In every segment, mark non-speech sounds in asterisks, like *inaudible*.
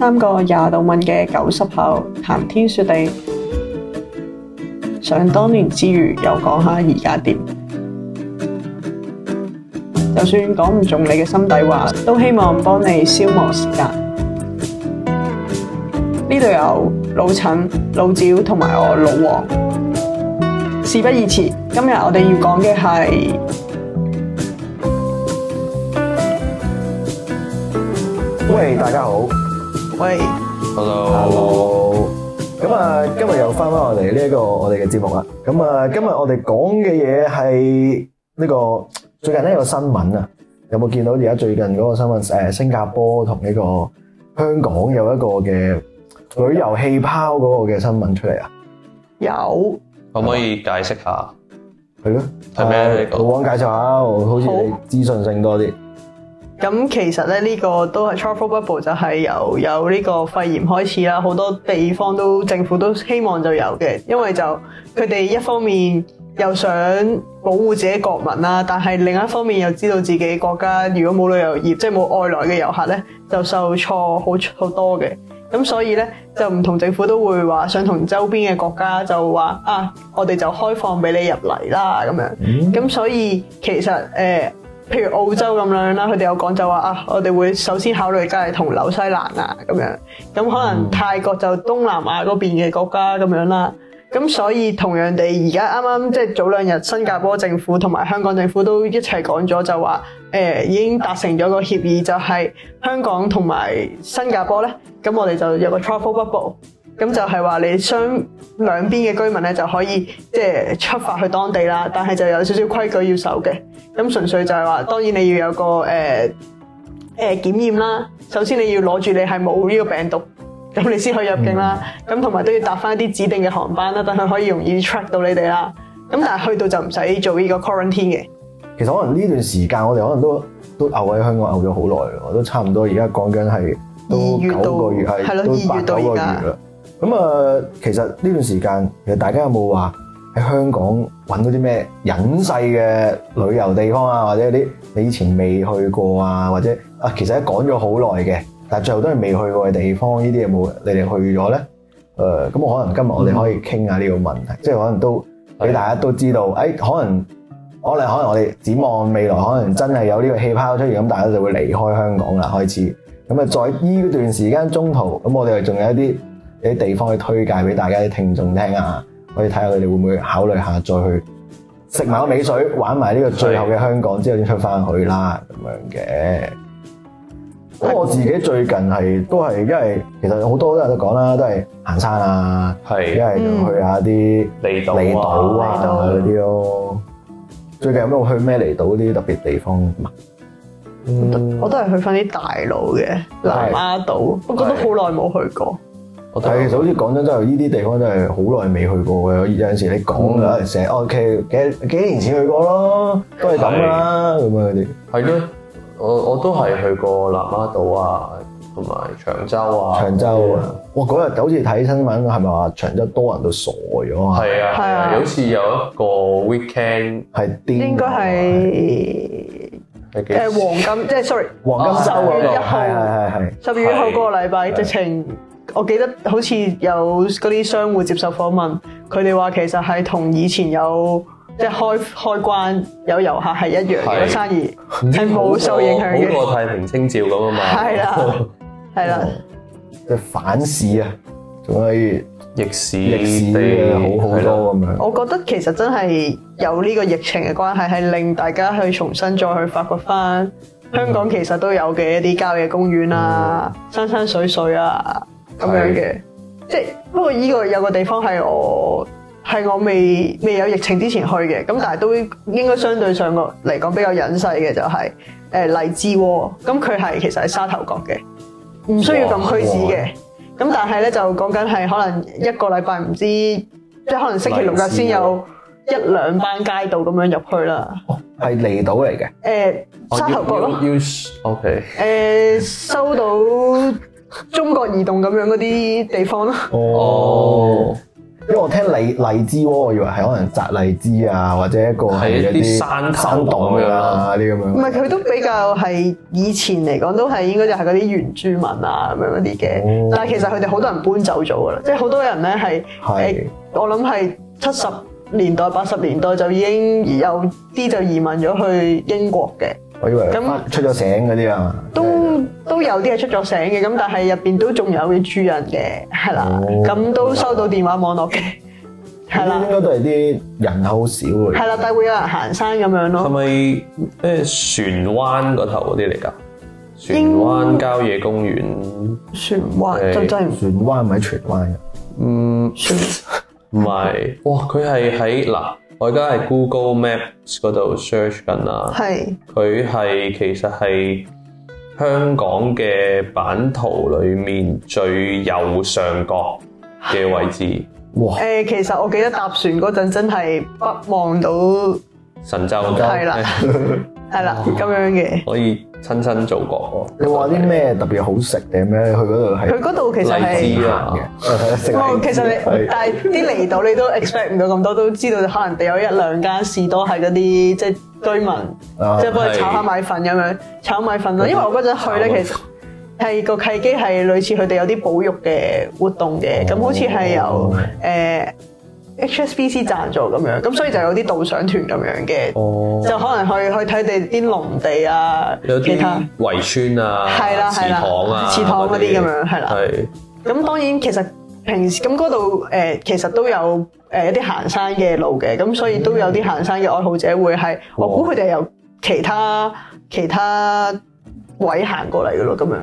三個廿度問嘅九十後談天說地，想當年之餘又講下而家點，就算講唔中你嘅心底話，都希望幫你消磨時間。呢度有老陳、老趙同埋我老王，事不宜遲，今日我哋要講嘅係，喂，大家好。喂，Hello，Hello。咁啊，今日又翻翻我哋呢、這個這個、一個我哋嘅節目啦。咁啊，今日我哋講嘅嘢係呢個最近有一個新聞啊，有冇見到而家最近嗰個新聞誒，新加坡同呢個香港有一個嘅旅遊氣泡嗰個嘅新聞出嚟啊？有，可唔可以解釋下？係咯，係咩？老、啊、王介紹下，好似你資訊性多啲。咁其實咧，呢個都係 travel bubble，就係由有呢個肺炎開始啦。好多地方都政府都希望就有嘅，因為就佢哋一方面又想保護自己國民啦，但係另一方面又知道自己國家如果冇旅遊業，即係冇外來嘅遊客呢，就受挫好好多嘅。咁所以呢，就唔同政府都會話想同周邊嘅國家就話啊，我哋就開放俾你入嚟啦，咁樣。咁所以其實誒。呃譬如澳洲咁樣啦，佢哋有講就話啊，我哋會首先考慮梗係同紐西蘭啊咁樣，咁可能泰國就東南亞嗰邊嘅國家咁樣啦，咁所以同樣地，而家啱啱即係早兩日新加坡政府同埋香港政府都一齊講咗就話、呃，已經達成咗個協議，就係香港同埋新加坡咧，咁我哋就有個 travel bubble。咁就係話你雙兩邊嘅居民咧，就可以即係、就是、出發去當地啦。但係就有少少規矩要守嘅。咁純粹就係話，當然你要有個誒誒、欸欸、檢驗啦。首先你要攞住你係冇呢個病毒，咁你先可以入境啦。咁同埋都要搭翻一啲指定嘅航班啦，等佢可以容易 track 到你哋啦。咁但係去到就唔使做呢個 quarantine 嘅。其實可能呢段時間我哋可能都都留喺香港留咗好耐，都差唔多而家講緊係都九個月，係都八九個月啦。咁啊，其實呢段時間，其實大家有冇話喺香港揾到啲咩隱世嘅旅遊地方啊？或者啲你以前未去過啊？或者啊，其實講咗好耐嘅，但最後都係未去過嘅地方，呢啲有冇你哋去咗呢？誒、呃，咁我可能今日我哋可以傾下呢個問題，嗯、即係可能都俾大家都知道。誒、哎，可能可能可能我哋展望未來，可能真係有呢個氣泡出現，咁大家就會開離開香港啦。開始咁啊，在呢段時間中途，咁我哋仲有一啲。有啲地方去推介俾大家啲聽眾聽啊，可以睇下佢哋會唔會考慮下再去食埋個美水，玩埋呢個最後嘅香港之後先出翻去啦咁樣嘅。咁我自己最近係都係，因為其實有好多人都講啦，都係行山啊，係，一係去下啲離島啊，嗰啲咯。最近有冇去咩離島啲特別地方？嗯、我，我都係去翻啲大陸嘅南丫島，不過都好耐冇去過。其實好似講真，真係呢啲地方真係好耐未去過嘅。有陣時你講啊成，哦，k 幾幾年前去過咯，都係咁啦，咁樣嗰啲。係咯，我我都係去過南丫島啊，同埋長洲啊。長洲啊、嗯，哇！嗰日就好似睇新聞，係咪話長洲多人都傻咗啊？係啊，係啊，好似有一個 weekend 係癲、啊啊啊啊啊。應該係誒、啊啊、黃金，即係 sorry，黃金週嗰個。係係係係。十、啊、二月後嗰個禮拜，啊、直情。我記得好似有嗰啲商戶接受訪問，佢哋話其實係同以前有即係、就是、開開關有遊客係一樣有生意，係冇受影響嘅。好過太平清醮咁啊嘛！係啦，係啦，即反市啊，仲可以逆市地好好多咁樣。我覺得其實真係有呢個疫情嘅關係，係令大家去重新再去發掘翻香港其實都有嘅一啲郊野公園啊、嗯、山山水水啊。咁樣嘅，即係不過依個有個地方係我係我未未有疫情之前去嘅，咁但係都應該相對上個嚟講比較隱世嘅就係、是、誒、欸、荔枝窩，咁佢係其實係沙頭角嘅，唔需要禁區紙嘅，咁但係咧就講緊係可能一個禮拜唔知即係可能星期六日先有一兩班街道咁樣入去啦，係離島嚟嘅，誒、嗯哦欸、沙頭角咯，要、哦，ok，誒、欸、收到。中國移動咁樣嗰啲地方咯。哦，因為我聽荔荔枝，我以為係可能摘荔枝啊，或者一個係一啲山洞噶啦啲咁樣。唔係，佢都比較係以前嚟講，都係應該就係嗰啲原住民啊咁樣嗰啲嘅。但係其實佢哋好多人搬走咗噶啦，即係好多人咧係，我諗係七十年代八十年代就已經有啲就移民咗去英國嘅。我以為咁出咗醒嗰啲啊。都有啲係出咗醒嘅，咁但係入邊都仲有住人嘅，係啦，咁、哦、都收到電話網絡嘅，係啦，應該都係啲人口少嘅，係啦，但係會有人行山咁樣咯。係咪誒船灣嗰頭嗰啲嚟噶？船灣郊野公園，船灣就真係，船灣唔係荃灣嘅，嗯，唔 *laughs* 係，哇，佢係喺嗱，我而家喺 Google Maps 嗰度 search 緊啊，係，佢係其實係。香港嘅版圖裏面最右上角嘅位置。哇！其實我記得搭船嗰陣真係北望到神州，係啦，係啦，咁 *laughs* 樣嘅可以。親身做過，哦、你話啲咩特別好食定咩？去嗰度係，佢嗰度其實係細資嘅。唔、啊 *laughs* 嗯，其實你，是但係啲嚟到你都 expect 唔到咁多，都知道可能地有一兩間士多係嗰啲即係居民，即係、就是、幫你炒下米粉咁樣，炒米粉咯。因為我嗰陣去咧，其實係、個契機係類似佢哋有啲保育嘅活動嘅，咁、哦、好似係由誒。呃 HSBC 贊助咁樣，咁所以就有啲導賞團咁樣嘅，就可能去去睇地啲農地啊，有啲圍村啊，祠堂啊、祠堂嗰啲咁樣，係啦、啊。咁、啊啊、當然其實平時咁嗰度誒，其實都有誒一啲行山嘅路嘅，咁所以都有啲行山嘅愛好者會係、哦，我估佢哋係由其他其他位行過嚟嘅咯，咁樣。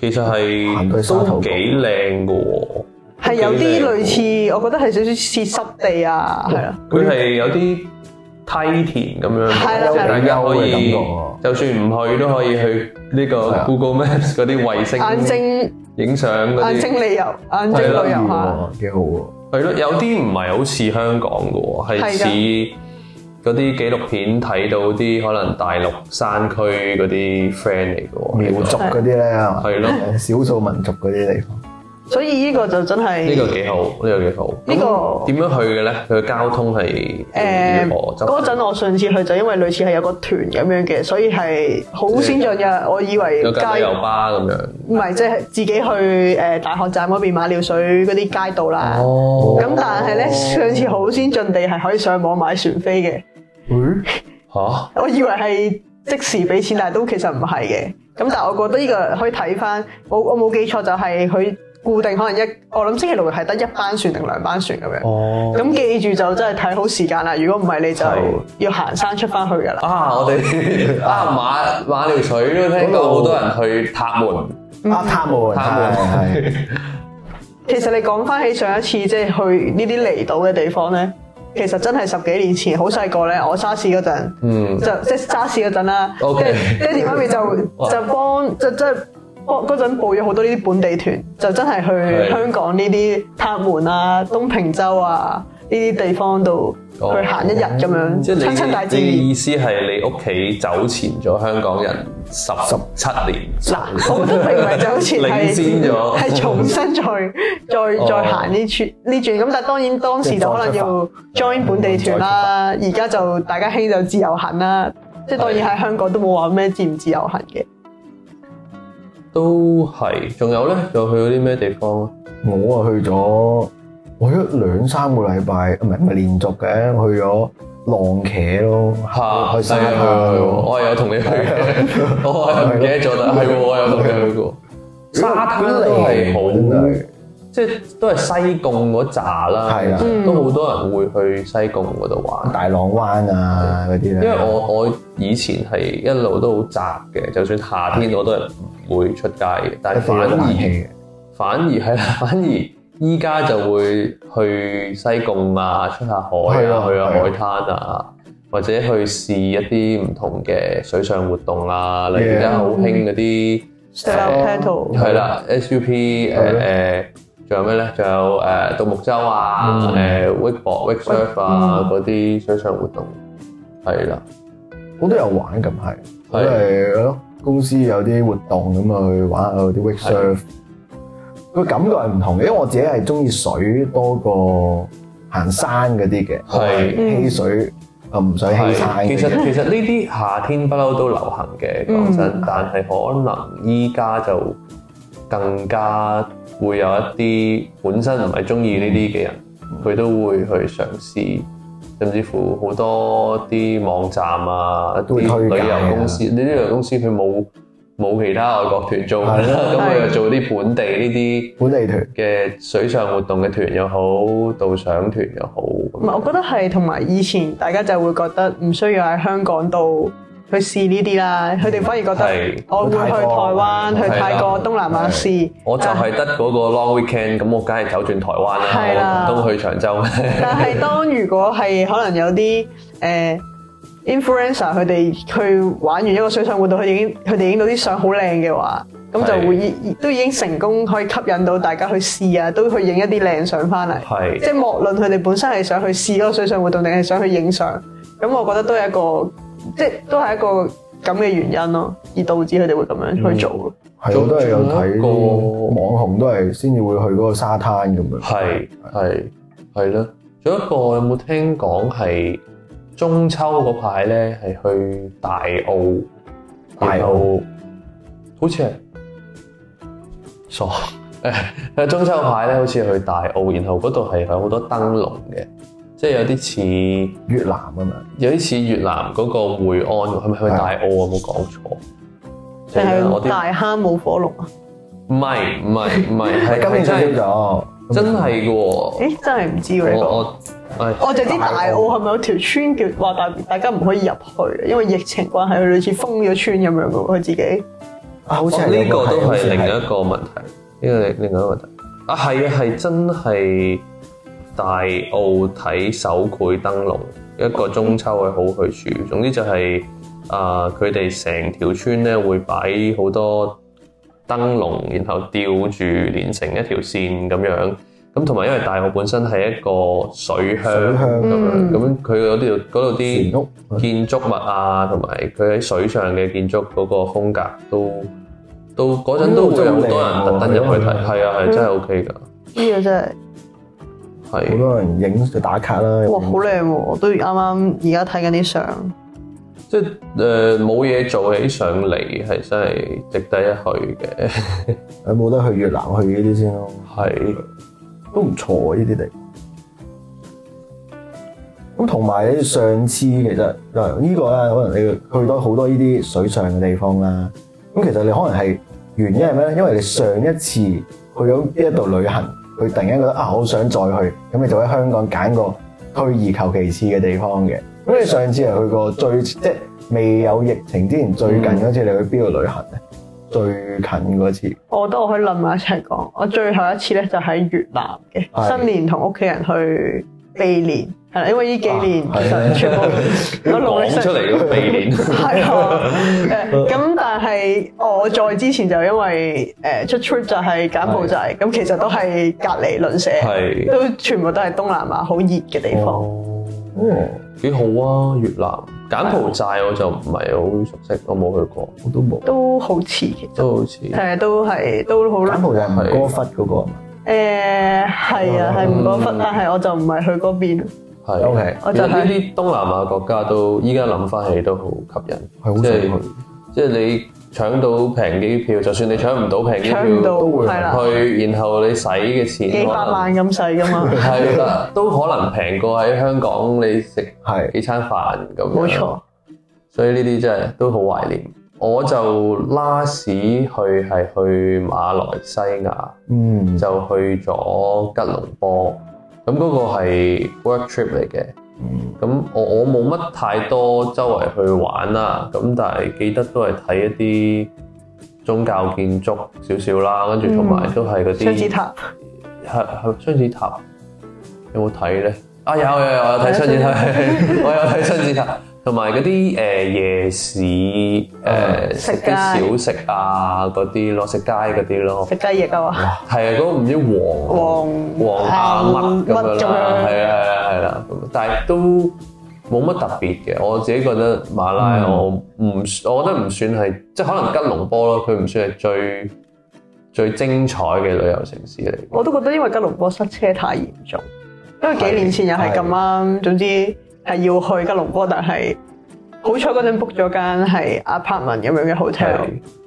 其實係都幾靚嘅喎。係有啲類似，我覺得係少少似濕地啊，係啦。佢係有啲梯田咁樣，大家可以，感覺就算唔去都可以去呢個 Google Maps 嗰啲衛星眼睛影相啲眼睛旅遊、眼睛旅遊嚇，幾好喎！係咯，有啲唔係好似香港㗎喎，係似嗰啲紀錄片睇到啲可能大陸山區嗰啲 friend 嚟㗎喎，苗、這個、族嗰啲咧係嘛？係咯，少數民族嗰啲地方。所以呢個就真係呢、這個幾好，呢、這個幾好。呢、這個點樣去嘅呢？佢嘅交通係誒嗰陣，嗯、我上次去就因為類似係有個團咁樣嘅，所以係好先進嘅。我以為街有街遊巴咁樣，唔係即係自己去誒大學站嗰邊買尿水嗰啲街道啦。咁、哦、但係呢，上次好先進地係可以上網買船飛嘅。嗯嚇， *laughs* 我以為係即時俾錢，但係都其實唔係嘅。咁但係我覺得呢個可以睇翻。我我冇記錯就係佢。固定可能一，我諗星期六係得一班船定兩班船咁樣。哦。咁記住就真係睇好時間啦，如果唔係你就要行山出翻去噶啦。Oh. Ah, oh. 啊，我哋啊馬馬料水都聽到好多人去塔門、oh. 塔門塔門。啊，塔門。啊、塔門係。 *laughs* 其實你講翻起上一次即係、就是、去呢啲離島嘅地方咧，其實真係十幾年前好細個咧，我沙士嗰陣，嗯、mm.，就即係沙士嗰陣啦。O、okay. K。爹哋媽咪就就幫即即。Oh. 就就就.嗰嗰陣報咗好多呢啲本地團，就真係去香港呢啲塔門啊、東平洲啊呢啲地方度去行一日咁樣。哦、即係你，大意，你意思係你屋企走前咗香港人十十七年，嗱、嗯，啊、我 *laughs* 好多名唔走前係先咗，係重新再再再行呢圈呢轉。咁、哦、但係當然當時就可能要 join 本地團啦，而家就大家興就自由行啦。即係當然喺香港都冇話咩自唔自由行嘅。都係，仲有咧，又去咗啲咩地方？我啊去咗，我一兩三個禮拜，唔係唔係連續嘅，去咗浪茄咯，吓、啊，去西係我係又同你去我係唔記得咗啦，係我又同你去過。是沙灘嚟係好熱，即係都係西貢嗰扎啦，係啦、嗯，都好多人會去西貢嗰度玩，大浪灣啊嗰啲咧。因為我我以前係一路都好窄嘅，就算夏天我都。會出街嘅，但係反而反而係啦，反而依家就會去西貢啊，出下海啊，去下海灘啊，或者去試一啲唔同嘅水上活動啊，例如而家好興嗰啲，係啦，SUP，誒誒，仲有咩咧？仲有誒獨木舟啊，誒 wakeboard、wake surf 啊，嗰啲水上活動係啦，好多有玩咁，係係咯。公司有啲活動咁啊，去玩下嗰啲 wake surf，個感覺係唔同嘅，因為我自己係中意水多過行山嗰啲嘅，係嬉水啊唔使嬉山的的。其實其實呢啲夏天不嬲都流行嘅講真的、嗯，但係可能依家就更加會有一啲本身唔係中意呢啲嘅人，佢、嗯、都會去嘗試。甚至乎好多啲網站啊，都去旅遊公司，你啲旅遊公司佢冇冇其他外國團做，咁佢又做啲本地呢啲本地團嘅水上活動嘅團又好團，導賞團又好。唔係，我覺得係同埋以前大家就會覺得唔需要喺香港度，去試呢啲啦，佢哋反而覺得我會去台灣、去泰國、東南亞試。我就係得嗰個 long weekend，咁我梗係走轉台灣啦，都去長洲。但係當如果係可能有啲誒 influencer，佢哋去玩完一個水上活動，佢哋已經佢哋影到啲相好靚嘅話，咁就會都已經成功可以吸引到大家去試啊，都去影一啲靚相翻嚟。係即係莫論佢哋本身係想去試嗰個水上活動，定係想去影相，咁我覺得都係一個。即係都係一個咁嘅原因咯，而導致佢哋會咁樣去做咯、嗯。我都係有睇過、嗯、網紅都係先至會去嗰個沙灘咁樣。係係係啦。仲有一個有冇聽講係中秋嗰排咧，係去大澳。大澳好似係傻誒誒中秋排咧，好似去大澳，然後嗰度係有好多燈籠嘅。即係有啲似越南啊嘛，有啲似越南嗰個會安，係咪去大澳有冇講錯，誒我大坑冇火龍啊？唔係唔係唔係，今年真係真係嘅喎，真係唔、欸、知呢、啊、我我，、哎、我就知大澳係咪有條村叫話大，大家唔可以入去，因為疫情關係，類似封咗村咁樣嘅喎，佢自己、啊、好似呢、啊呢個都係另一個問題，呢、呢個另一個問題啊係啊係真係。大澳睇手繪燈籠，一個中秋嘅好去處。總之就係、是、啊，佢哋成條村咧會擺好多燈籠，然後吊住連成一條線咁樣。咁同埋因為大澳本身係一個水鄉咁樣，咁佢有條嗰度啲建築物啊，同埋佢喺水上嘅建築嗰個風格都到嗰陣都真係有好多人特登入去睇，係啊係真係 OK 㗎，呢個真係。係好多人影打卡啦。哇，好靚喎！都啱啱而家睇緊啲相，即係誒冇嘢做起上嚟啊，係真係值得一去嘅。有 *laughs* 冇得去越南去呢啲先咯。係都唔錯啊，呢啲地方。咁同埋上次其實嗱、這個、呢個咧，可能你去到好多呢啲水上嘅地方啦、啊。咁其實你可能係原因係咩咧？因為你上一次去咗呢一度旅行。佢突然間覺得啊，好想再去，咁你就喺香港揀個退而求其次嘅地方嘅。咁你上次係去過最即係未有疫情之前最近嗰次，你去邊度旅行咧？最近嗰次，次，我覺得我可以諗埋一齊講。我最後一次咧就喺、是、越南嘅新年同屋企人去避年係啦，因為呢幾年其實全部我努力出嚟，備年係啊。咁但係我在之前就因為誒出 trip 就係柬埔寨，咁其實都係隔籬鄰舍，都全部都係東南亞好熱嘅地方。哦，幾好啊！越南柬埔寨我就唔係好熟悉，我冇去過，我都冇，都好似，其實都好似，係啊，都係都好。柬埔寨唔係吳哥窟嗰個係嘛？誒，係啊，係吳哥窟，但係我就唔係去嗰邊。係，我就係呢啲東南亞國家都依家諗翻起都好吸引，即係即係你搶到平機票，就算你搶唔到平機票都會去，然後你使嘅錢幾百萬咁使噶嘛，係 *laughs* 啦，都可能平過喺香港你食係幾餐飯咁。冇錯，所以呢啲真係都好懷念。我就 last 去係去馬來西亞，嗯，就去咗吉隆坡。咁、那、嗰個係 work trip 嚟嘅，咁我我冇乜太多周圍去玩啦，咁但係記得都係睇一啲宗教建築少少啦，跟住同埋都係嗰啲。嗯、雙子塔。係係，雙子塔有冇睇咧？啊有有有，我有睇雙子塔，我有睇雙子塔。 *laughs* *laughs* 同埋嗰啲誒夜市誒、呃、食啲小食啊，嗰啲咯，食街嗰啲咯，食雞翼啊嘛，係、嗰個、啊嗰個唔知黃黃黃辣麥咁樣啦，係啊係啊係啦，但係都冇乜特別嘅，我自己覺得馬拉、嗯、我唔，我覺得唔算係即係可能吉隆坡咯，佢唔算係最最精彩嘅旅遊城市嚟。我都覺得因為吉隆坡塞車太嚴重，因為幾年前又係咁啱，總之。係要去吉隆坡，但係好彩嗰陣 book 咗間係 apartment 咁樣嘅 hotel，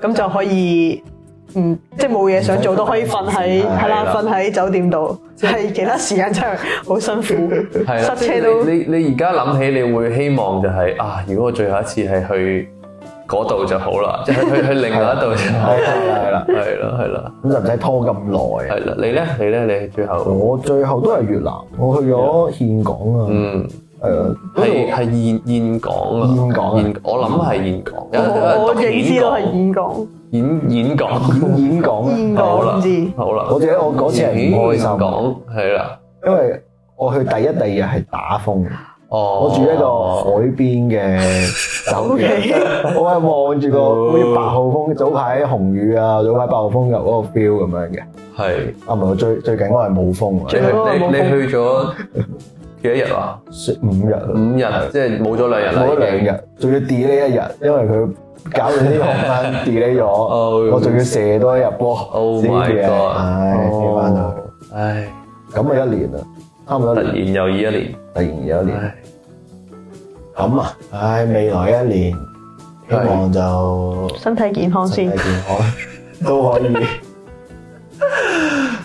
咁就可以，嗯，即係冇嘢想做都可以瞓喺係啦，瞓喺、啊啊、酒店度，係、啊、其他時間真係好辛苦、啊，塞車都。你你而家諗起，你會希望就係、是、啊，如果我最後一次係去嗰度就好啦，即係、就是、去、啊、去另外一度就好啦係啦，係咯係啦，咁、啊啊啊啊啊啊、就唔使拖咁耐、啊。係啦、啊，你咧你咧你，呢你最後我最後都係越南，我去咗峴港啊，嗯。係啊，係係演演講啊，演講啊，我諗係演講。我亦知道係演講，演演講，演講，演講，我唔知。好啦，我記得我嗰次係外遊講，係啦，因為我去第一、第二日係打風。哦，我住喺個海邊嘅酒店，我係望住個嗰啲八號風，早排紅雨啊，早排八號風球嗰個 feel 咁樣嘅。係，啊唔係，最最近我係冇風，你去你去咗幾日啊？食五日，五日即係冇咗兩日啦。冇咗兩日，仲要 delay 一日，一 *laughs* 因為佢搞完啲航班 delay 咗， *laughs* oh, 我仲要射多一日波。Oh my god、哎、oh, 唉，咁啊一年啦，差唔多一年，突然又二一年，突然又一年，咁啊，唉，未來一年，希望就身體健康先，身體健康都可以。 *laughs*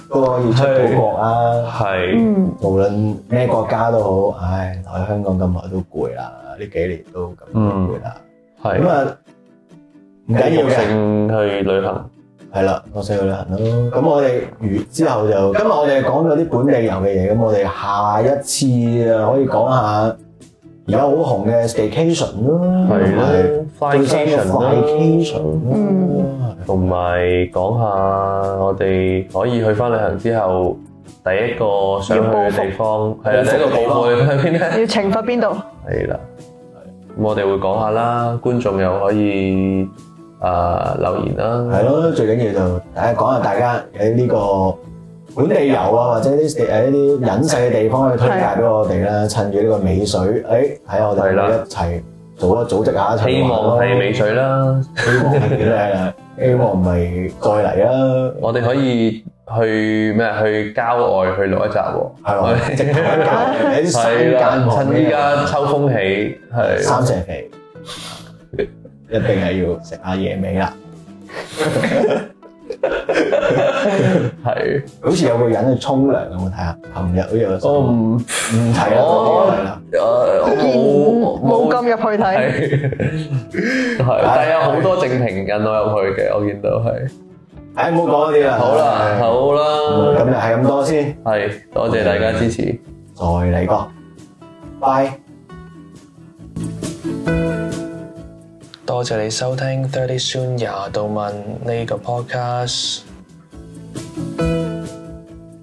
都可以出國啊，係，無論咩國家都好，唉，留喺香港咁耐都攰啦，呢幾年都咁攰啦，咁、嗯、啊，唔緊要嘅，去旅行，係啦，我想去旅行咯。咁我哋如之後就，今日我哋講咗啲本地遊嘅嘢，咁我哋下一次啊可以講下。有好紅嘅 vacation 咯，係啦，vacation 啦，嗯，同埋講下我哋可以去翻旅行之後，第一個想去嘅地方係一個報復嘅地方喺邊咧？要懲罰邊度？係啦，咁我哋會講下啦，觀眾又可以啊留言啦。係咯，最緊要就誒講下大家喺呢個本地遊啊，或者啲誒一啲隱世嘅地方去推介俾我哋啦。趁住呢個美水，誒喺我哋一齊做一組織下。希望係美水啦，希望唔係再嚟啦。我哋可以去咩？去郊外去錄一集喎。係咯，喺山間，趁依家秋風起，係三蛇肥，一定係要食下野味啦。係， *laughs* *laughs* 好似有個人去沖涼啊！我睇下，琴日都有。我唔唔睇啊，我冇咁入去睇，係 *laughs* 是， *laughs* 是 *laughs* 但係有好多正評引我入去嘅，我見到係。誒，唔好講呢啲啦，好啦，好啦，咁就係咁多先，係多謝大家支持，再嚟個，拜。多謝你收聽 Thirty Soon 廿度問呢個 podcast。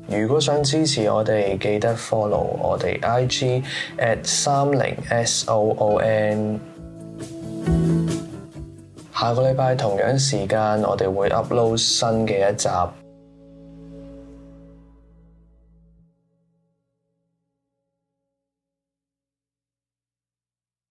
如果想支持我哋，記得 follow 我哋 IG at 三零 S O O N。下個禮拜同樣時間，我哋會 upload 新嘅一集。